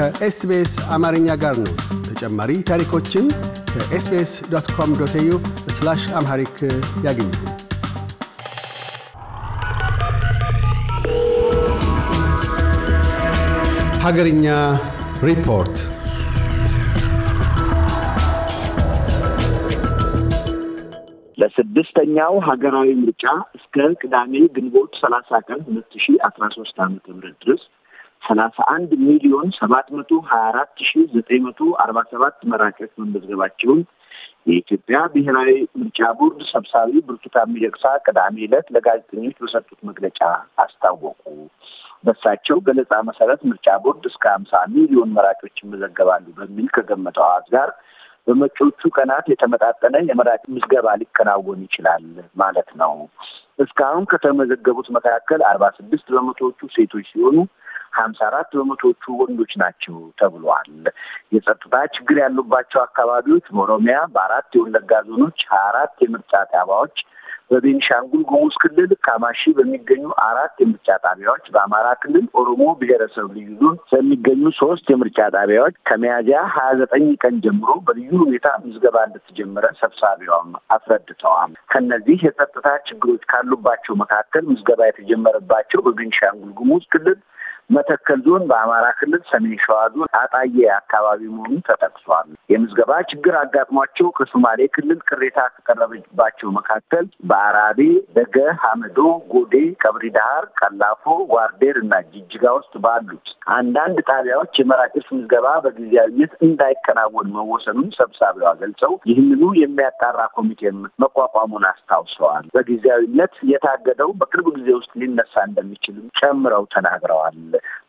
ከኤስቢኤስ አማርኛ ጋር ነው። ተጨማሪ ታሪኮችን ከኤስቢኤስ ዶት ኮም ዶት ኤዩ ስላሽ አምሃሪክ ያገኙ። ሀገርኛ ሪፖርት ለስድስተኛው ሀገራዊ ምርጫ እስከ ቅዳሜ ግንቦት 30 ቀን 2013 ዓ ም ድረስ ሰላሳ አንድ ሚሊዮን ሰባት መቶ ሀያ አራት ሺ ዘጠኝ መቶ አርባ ሰባት መራጮች መመዝገባቸውን የኢትዮጵያ ብሔራዊ ምርጫ ቦርድ ሰብሳቢ ብርቱካን ሚደቅሳ ቅዳሜ ዕለት ለጋዜጠኞች በሰጡት መግለጫ አስታወቁ። በሳቸው ገለጻ መሰረት ምርጫ ቦርድ እስከ ሀምሳ ሚሊዮን መራጮች ይመዘገባሉ በሚል ከገመጠው አዋዝ ጋር በመጪዎቹ ቀናት የተመጣጠነ የመራጭ ምዝገባ ሊከናወን ይችላል ማለት ነው። እስካሁን ከተመዘገቡት መካከል አርባ ስድስት በመቶዎቹ ሴቶች ሲሆኑ ሀምሳ አራት በመቶዎቹ ወንዶች ናቸው ተብሏል። የጸጥታ ችግር ያሉባቸው አካባቢዎች በኦሮሚያ በአራት የወለጋ ዞኖች ሀያ አራት የምርጫ ጣቢያዎች በቤንሻንጉል ጉሙዝ ክልል ካማሺ በሚገኙ አራት የምርጫ ጣቢያዎች፣ በአማራ ክልል ኦሮሞ ብሔረሰብ ልዩ ዞን በሚገኙ ሶስት የምርጫ ጣቢያዎች ከሚያዝያ ሀያ ዘጠኝ ቀን ጀምሮ በልዩ ሁኔታ ምዝገባ እንደተጀመረ ሰብሳቢዋም አስረድተዋል። ከነዚህ የጸጥታ ችግሮች ካሉባቸው መካከል ምዝገባ የተጀመረባቸው በቤንሻንጉል ጉሙዝ ክልል መተከል ዞን በአማራ ክልል ሰሜን ሸዋ ዞን አጣዬ አካባቢ መሆኑን ተጠቅሷል። የምዝገባ ችግር አጋጥሟቸው ከሶማሌ ክልል ቅሬታ ከቀረበባቸው መካከል በአራቤ፣ ደገ፣ ሀመዶ፣ ጎዴ፣ ቀብሪ ዳሃር፣ ቀላፎ፣ ዋርዴር እና ጅጅጋ ውስጥ ባሉት አንዳንድ ጣቢያዎች የመራጮች ምዝገባ በጊዜያዊነት እንዳይከናወን መወሰኑን ሰብሳቢዋ ገልጸው ይህንኑ የሚያጣራ ኮሚቴ መቋቋሙን አስታውሰዋል። በጊዜያዊነት የታገደው በቅርብ ጊዜ ውስጥ ሊነሳ እንደሚችልም ጨምረው ተናግረዋል።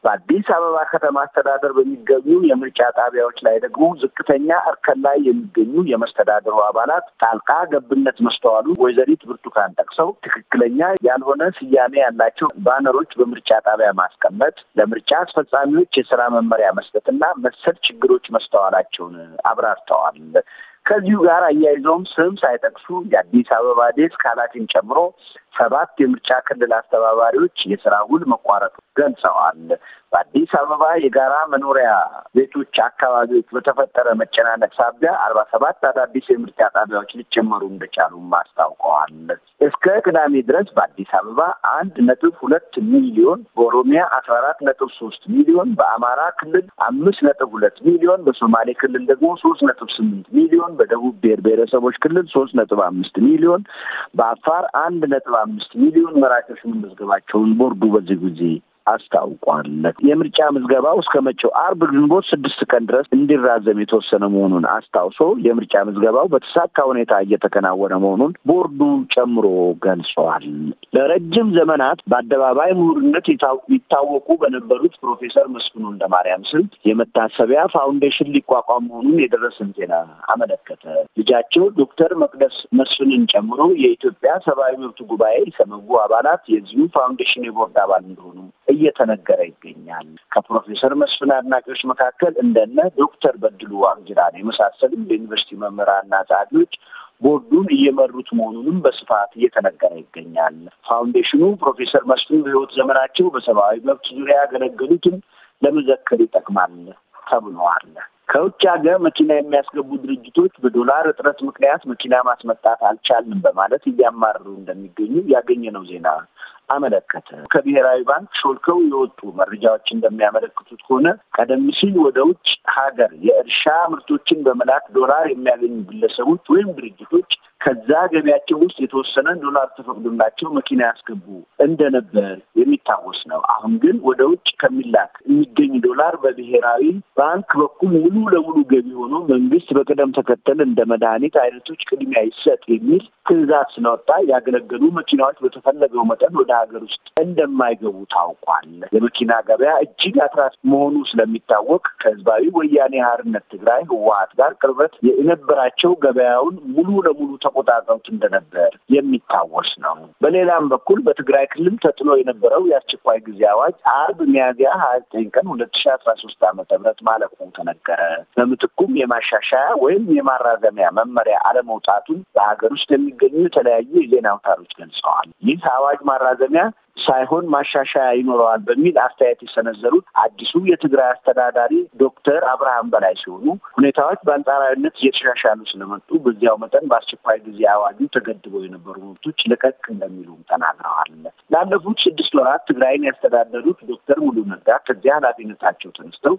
በአዲስ አበባ ከተማ አስተዳደር በሚገኙ የምርጫ ጣቢያዎች ላይ ደግሞ ዝቅተኛ እርከን ላይ የሚገኙ የመስተዳደሩ አባላት ጣልቃ ገብነት መስተዋሉ ወይዘሪት ብርቱካን ጠቅሰው ትክክለኛ ያልሆነ ስያሜ ያላቸው ባነሮች በምርጫ ጣቢያ ማስቀመጥ፣ ለምርጫ አስፈጻሚዎች የስራ መመሪያ መስጠትና መሰል ችግሮች መስተዋላቸውን አብራርተዋል። ከዚሁ ጋር አያይዘውም ስም ሳይጠቅሱ የአዲስ አበባ ዴስክ ኃላፊን ጨምሮ ሰባት የምርጫ ክልል አስተባባሪዎች የስራ ውል መቋረጡ ገልጸዋል። በአዲስ አበባ የጋራ መኖሪያ ቤቶች አካባቢዎች በተፈጠረ መጨናነቅ ሳቢያ አርባ ሰባት አዳዲስ የምርጫ ጣቢያዎች ሊጨመሩ እንደቻሉ አስታውቀዋል። እስከ ቅዳሜ ድረስ በአዲስ አበባ አንድ ነጥብ ሁለት ሚሊዮን፣ በኦሮሚያ አስራ አራት ነጥብ ሶስት ሚሊዮን፣ በአማራ ክልል አምስት ነጥብ ሁለት ሚሊዮን፣ በሶማሌ ክልል ደግሞ ሶስት ነጥብ ስምንት ሚሊዮን፣ በደቡብ ብሔር ብሔረሰቦች ክልል ሶስት ነጥብ አምስት ሚሊዮን፣ በአፋር አንድ ነጥብ አምስት ሚሊዮን መራጮች መመዝገባቸውን ቦርዱ በዚህ ጊዜ አስታውቋል። የምርጫ ምዝገባው እስከ መጪው አርብ ግንቦት ስድስት ቀን ድረስ እንዲራዘም የተወሰነ መሆኑን አስታውሶ የምርጫ ምዝገባው በተሳካ ሁኔታ እየተከናወነ መሆኑን ቦርዱ ጨምሮ ገልጸዋል። ለረጅም ዘመናት በአደባባይ ምሁርነት ይታወቁ በነበሩት ፕሮፌሰር መስፍኑ እንደማርያም ስም የመታሰቢያ ፋውንዴሽን ሊቋቋም መሆኑን የደረሰን ዜና አመለከተ። ልጃቸው ዶክተር መቅደስ መስፍንን ጨምሮ የኢትዮጵያ ሰብአዊ መብት ጉባኤ ሰመጉ አባላት የዚሁ ፋውንዴሽን የቦርድ አባል እንደሆኑ እየተነገረ ይገኛል። ከፕሮፌሰር መስፍን አድናቂዎች መካከል እንደነ ዶክተር በድሉ ዋቅጅራን የመሳሰሉ የዩኒቨርሲቲ መምህራንና ጸሐፊዎች ቦርዱን እየመሩት መሆኑንም በስፋት እየተነገረ ይገኛል። ፋውንዴሽኑ ፕሮፌሰር መስፍን በሕይወት ዘመናቸው በሰብአዊ መብት ዙሪያ ያገለገሉትን ለመዘከር ይጠቅማል ተብለዋል። ከውጭ ሀገር መኪና የሚያስገቡ ድርጅቶች በዶላር እጥረት ምክንያት መኪና ማስመጣት አልቻልንም በማለት እያማረሩ እንደሚገኙ ያገኘነው ዜና አመለከተ። ከብሔራዊ ባንክ ሾልከው የወጡ መረጃዎች እንደሚያመለክቱት ከሆነ ቀደም ሲል ወደ ውጭ ሀገር የእርሻ ምርቶችን በመላክ ዶላር የሚያገኙ ግለሰቦች ወይም ድርጅቶች ከዛ ገቢያቸው ውስጥ የተወሰነ ዶላር ተፈቅዶላቸው መኪና ያስገቡ እንደነበር የሚታወስ ነው። አሁን ግን ወደ ውጭ ከሚላክ የሚገኝ ዶላር በብሔራዊ ባንክ በኩል ሙሉ ለሙሉ ገቢ ሆኖ መንግስት በቅደም ተከተል እንደ መድኃኒት አይነቶች ቅድሚያ ይሰጥ የሚል ትዕዛዝ ስለወጣ ያገለገሉ መኪናዎች በተፈለገው መጠን ወደ ሀገር ውስጥ እንደማይገቡ ታውቋል። የመኪና ገበያ እጅግ አትራፊ መሆኑ ስለሚታወቅ ከህዝባዊ ወያኔ ሀርነት ትግራይ ህወሀት ጋር ቅርበት የነበራቸው ገበያውን ሙሉ ለሙሉ ተቆጣጠሩት እንደነበር የሚታወስ ነው። በሌላም በኩል በትግራይ ክልል ተጥሎ የነበረው የአስቸኳይ ጊዜ አዋጅ አርብ ሚያዝያ ሀያ ዘጠኝ ቀን ሁለት ሺ አስራ ሶስት ዓመተ ምህረት ማለቁ ተነገረ። በምትኩም የማሻሻያ ወይም የማራዘሚያ መመሪያ አለመውጣቱን በሀገር ውስጥ የሚገኙ የተለያዩ የዜና አውታሮች ገልጸዋል። ይህ አዋጅ ማራዘ Yeah. ሳይሆን ማሻሻያ ይኖረዋል በሚል አስተያየት የሰነዘሩት አዲሱ የትግራይ አስተዳዳሪ ዶክተር አብርሃም በላይ ሲሆኑ ሁኔታዎች በአንጻራዊነት እየተሻሻሉ ስለመጡ በዚያው መጠን በአስቸኳይ ጊዜ አዋጁ ተገድበው የነበሩ መብቶች ልቀቅ እንደሚሉም ተናግረዋል። ላለፉት ስድስት ወራት ትግራይን ያስተዳደሩት ዶክተር ሙሉ ነጋ ከዚያ ኃላፊነታቸው ተነስተው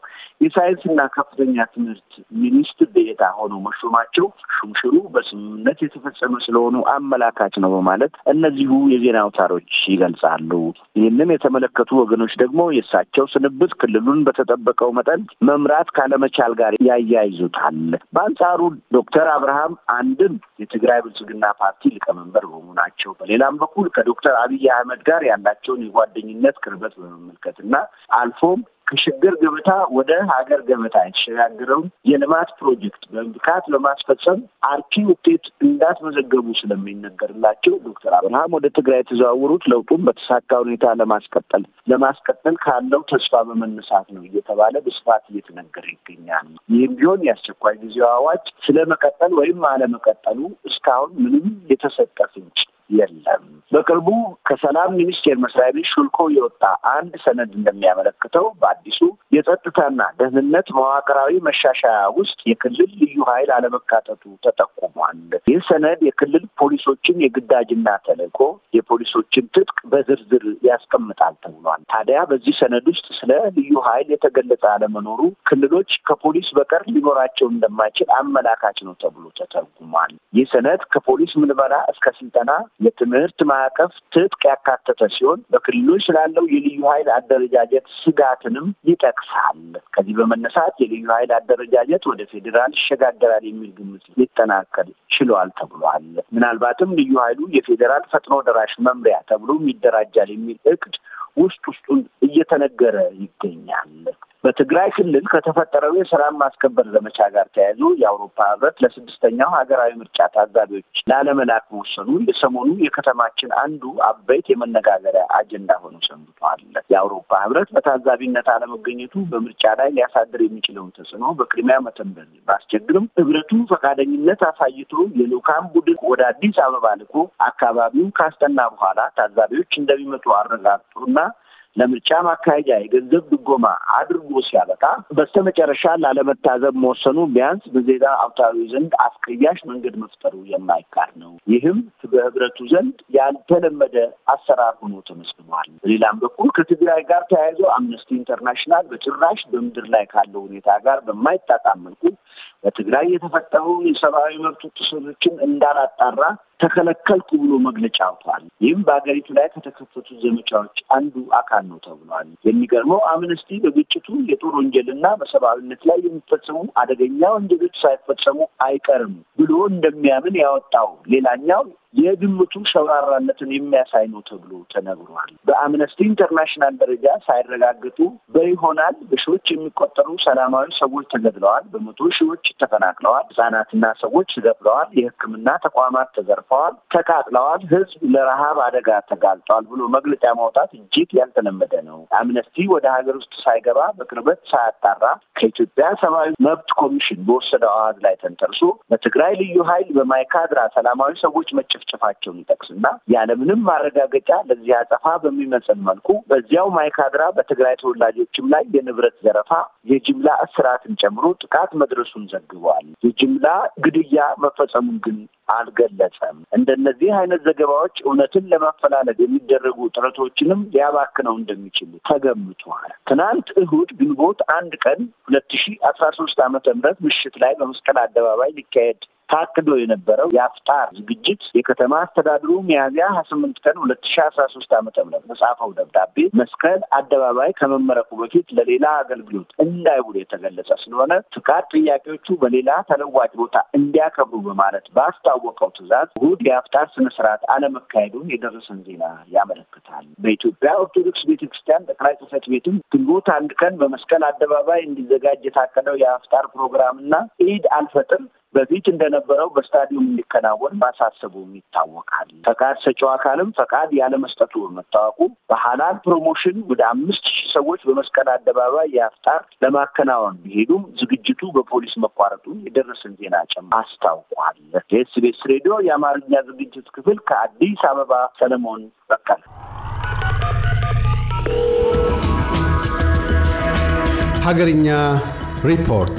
የሳይንስና ከፍተኛ ትምህርት ሚኒስትር ዴኤታ ሆነው መሾማቸው ሹምሽሩ በስምምነት የተፈጸመ ስለሆኑ አመላካች ነው በማለት እነዚሁ የዜና አውታሮች ይገልጻሉ። ይችላሉ። ይህንን የተመለከቱ ወገኖች ደግሞ የእሳቸው ስንብት ክልሉን በተጠበቀው መጠን መምራት ካለመቻል ጋር ያያይዙታል። በአንጻሩ ዶክተር አብርሃም አንድም የትግራይ ብልጽግና ፓርቲ ሊቀመንበር በመሆናቸው በሌላም በኩል ከዶክተር አብይ አህመድ ጋር ያላቸውን የጓደኝነት ቅርበት በመመልከት እና አልፎም ከሽግር ገበታ ወደ ሀገር ገበታ የተሸጋገረውን የልማት ፕሮጀክት በብቃት ለማስፈጸም አርኪ ውጤት እንዳትመዘገቡ ስለሚነገርላቸው ዶክተር አብርሃም ወደ ትግራይ የተዘዋወሩት ለውጡን በተሳካ ሁኔታ ለማስቀጠል ለማስቀጠል ካለው ተስፋ በመነሳት ነው እየተባለ በስፋት እየተነገረ ይገኛል። ይህም ቢሆን የአስቸኳይ ጊዜ አዋጅ ስለመቀጠል ወይም አለመቀጠሉ እስካሁን ምንም የተሰጠ ፍንጭ የለም። በቅርቡ ከሰላም ሚኒስቴር መስሪያ ቤት ሹልኮ የወጣ አንድ ሰነድ እንደሚያመለክተው በአዲሱ የጸጥታና ደህንነት መዋቅራዊ መሻሻያ ውስጥ የክልል ልዩ ኃይል አለመካተቱ ተጠቁሟል። ይህ ሰነድ የክልል ፖሊሶችን የግዳጅና ተልዕኮ፣ የፖሊሶችን ትጥቅ በዝርዝር ያስቀምጣል ተብሏል። ታዲያ በዚህ ሰነድ ውስጥ ስለ ልዩ ኃይል የተገለጸ አለመኖሩ ክልሎች ከፖሊስ በቀር ሊኖራቸው እንደማይችል አመላካች ነው ተብሎ ተተርጉሟል። ይህ ሰነድ ከፖሊስ ምልመላ እስከ ስልጠና የትምህርት ማዕቀፍ ትጥቅ ያካተተ ሲሆን በክልሎች ስላለው የልዩ ኃይል አደረጃጀት ስጋትንም ይጠቅሳል። ከዚህ በመነሳት የልዩ ኃይል አደረጃጀት ወደ ፌዴራል ይሸጋገራል የሚል ግምት ሊጠናከር ችሏል ተብሏል። ምናልባትም ልዩ ኃይሉ የፌዴራል ፈጥኖ ደራሽ መምሪያ ተብሎም ይደራጃል የሚል እቅድ ውስጥ ውስጡን እየተነገረ ይገኛል። በትግራይ ክልል ከተፈጠረው የሰላም ማስከበር ዘመቻ ጋር ተያይዞ የአውሮፓ ህብረት ለስድስተኛው ሀገራዊ ምርጫ ታዛቢዎች ላለመላክ መወሰኑ የሰሞኑ የከተማችን አንዱ አበይት የመነጋገሪያ አጀንዳ ሆኖ ሰንብቷል። የአውሮፓ ህብረት በታዛቢነት አለመገኘቱ በምርጫ ላይ ሊያሳድር የሚችለውን ተጽዕኖ በቅድሚያ መተንበል ባስቸግርም ህብረቱ ፈቃደኝነት አሳይቶ የልዑካን ቡድን ወደ አዲስ አበባ ልኮ አካባቢው ካስጠና በኋላ ታዛቢዎች እንደሚመጡ አረጋግጦና ለምርጫ ማካሄጃ የገንዘብ ድጎማ አድርጎ ሲያበቃ በስተመጨረሻ ላለመታዘብ መወሰኑ ቢያንስ በዜና አውታዊ ዘንድ አስቀያሽ መንገድ መፍጠሩ የማይካድ ነው። ይህም በህብረቱ ዘንድ ያልተለመደ አሰራር ሆኖ ተመስግኗል። በሌላም በኩል ከትግራይ ጋር ተያይዞ አምነስቲ ኢንተርናሽናል በጭራሽ በምድር ላይ ካለው ሁኔታ ጋር በማይጣጣም መልኩ በትግራይ የተፈጠሩ የሰብአዊ መብቱ ጥሰቶችን እንዳላጣራ ተከለከልኩ ብሎ መግለጫ አውቷል። ይህም በሀገሪቱ ላይ ከተከፈቱ ዘመቻዎች አንዱ አካል ነው ተብሏል። የሚገርመው አምነስቲ በግጭቱ የጦር ወንጀልና በሰብአዊነት ላይ የሚፈጸሙ አደገኛ ወንጀሎች ሳይፈጸሙ አይቀርም ብሎ እንደሚያምን ያወጣው ሌላኛው የግምቱን ሸብራራነትን የሚያሳይ ነው ተብሎ ተነግሯል። በአምነስቲ ኢንተርናሽናል ደረጃ ሳይረጋግጡ በይሆናል በሺዎች የሚቆጠሩ ሰላማዊ ሰዎች ተገድለዋል። በመቶ ሺዎች ተፈናቅለዋል። ህጻናትና ሰዎች ተገድለዋል። የሕክምና ተቋማት ተዘርፈዋል፣ ተቃጥለዋል። ህዝብ ለረሃብ አደጋ ተጋልጧል ብሎ መግለጫ ማውጣት እጅግ ያልተለመደ ነው። አምነስቲ ወደ ሀገር ውስጥ ሳይገባ በቅርበት ሳያጣራ ከኢትዮጵያ ሰብአዊ መብት ኮሚሽን በወሰደው አዋጅ ላይ ተንተርሶ በትግራይ ልዩ ኃይል በማይካድራ ሰላማዊ ሰዎች መጭ መጨፍጨፋቸውን ይጠቅስና ያለምንም ማረጋገጫ ለዚህ አጸፋ በሚመስል መልኩ በዚያው ማይካድራ በትግራይ ተወላጆችም ላይ የንብረት ዘረፋ፣ የጅምላ እስራትን ጨምሮ ጥቃት መድረሱን ዘግበዋል። የጅምላ ግድያ መፈጸሙን ግን አልገለጸም። እንደነዚህ አይነት ዘገባዎች እውነትን ለማፈላለግ የሚደረጉ ጥረቶችንም ሊያባክነው እንደሚችሉ ተገምቷል። ትናንት እሁድ ግንቦት አንድ ቀን ሁለት ሺ አስራ ሶስት አመተ ምህረት ምሽት ላይ በመስቀል አደባባይ ሊካሄድ ታቅዶ የነበረው የአፍጣር ዝግጅት የከተማ አስተዳድሩ ሚያዝያ ሀያ ስምንት ቀን ሁለት ሺ አስራ ሶስት ዓመተ ምህረት በጻፈው ደብዳቤ መስቀል አደባባይ ከመመረቁ በፊት ለሌላ አገልግሎት እንዳይውል የተገለጸ ስለሆነ ፍቃድ ጥያቄዎቹ በሌላ ተለዋጭ ቦታ እንዲያከብሩ በማለት ባስታወቀው ትዕዛዝ እሑድ የአፍጣር ስነስርዓት አለመካሄዱን የደረሰን ዜና ያመለክታል። በኢትዮጵያ ኦርቶዶክስ ቤተክርስቲያን ጠቅላይ ጽሕፈት ቤትም ግንቦት አንድ ቀን በመስቀል አደባባይ እንዲዘጋጅ የታቀደው የአፍጣር ፕሮግራምና ኢድ አልፈጥር በፊት እንደነበረው በስታዲየም እንዲከናወን ማሳሰቡም ይታወቃል። ፈቃድ ሰጪው አካልም ፈቃድ ያለመስጠቱ መታወቁ በሀላል ፕሮሞሽን ወደ አምስት ሺህ ሰዎች በመስቀል አደባባይ የአፍጣር ለማከናወን ቢሄዱም ዝግጅቱ በፖሊስ መቋረጡ የደረሰን ዜና ጭም አስታውቋል። የኤስቤስ ሬዲዮ የአማርኛ ዝግጅት ክፍል ከአዲስ አበባ ሰለሞን በቀለ። ሀገርኛ ሪፖርት